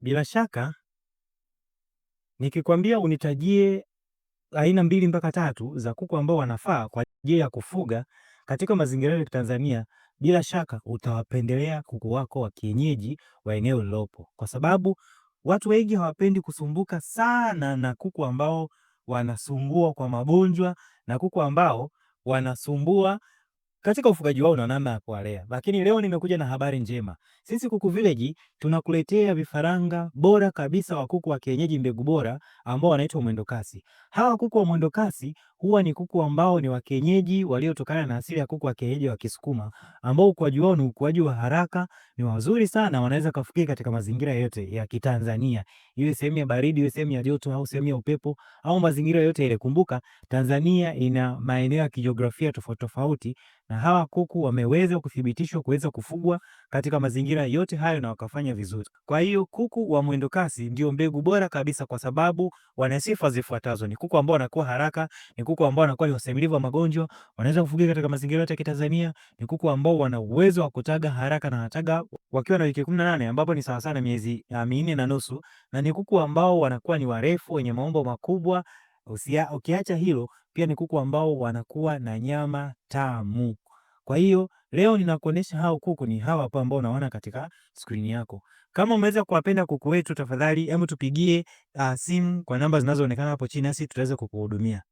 Bila shaka nikikwambia unitajie aina mbili mpaka tatu za kuku ambao wanafaa kwa ajili ya kufuga katika mazingira ya Tanzania, bila shaka utawapendelea kuku wako wa kienyeji wa eneo lilopo, kwa sababu watu wengi hawapendi kusumbuka sana na kuku ambao wanasumbua kwa magonjwa na kuku ambao wanasumbua katika ufugaji wao na namna ya kuwalea. Lakini leo nimekuja na habari njema. Sisi Kuku Village tunakuletea vifaranga bora kabisa wa kuku wa kienyeji mbegu bora ambao wanaitwa mwendokasi. Hawa kuku wa mwendokasi huwa ni kuku ambao ni wa kienyeji waliotokana na asili ya kuku wa kienyeji wa Kisukuma ambao ukuaji wao ni ukuaji wa haraka, ni wazuri sana, wanaweza kufikia katika mazingira yote ya Kitanzania. Iwe sehemu ya baridi, iwe sehemu ya joto au sehemu ya upepo au mazingira yote ile. Kumbuka Tanzania ina maeneo ya kijiografia tofauti tofauti na hawa kuku wameweza kuthibitishwa kuweza kufugwa katika mazingira yote hayo na wakafanya vizuri. Kwa hiyo kuku wa mwendokasi ndio mbegu bora kabisa, kwa sababu wana sifa zifuatazo: ni kuku ambao wanakuwa haraka, ni kuku ambao wanakuwa ni wastahimilivu wa magonjwa, wanaweza kufugika katika mazingira yote ya Kitanzania, ni kuku ambao wana uwezo wa kutaga haraka na wanataga wakiwa na wiki 18 ambapo ni sawa sana miezi ah, minne na nusu, na ni kuku ambao wanakuwa ni warefu wenye maumbo makubwa. Usia, Ukiacha hilo, pia ni kuku ambao wanakuwa na nyama tamu. Kwa hiyo leo ninakuonesha hao kuku ni hawa hapa ambao unaona katika skrini yako. Kama umeweza kuwapenda kuku wetu, tafadhali hebu tupigie uh, simu kwa namba zinazoonekana hapo chini, nasi tutaweza kukuhudumia.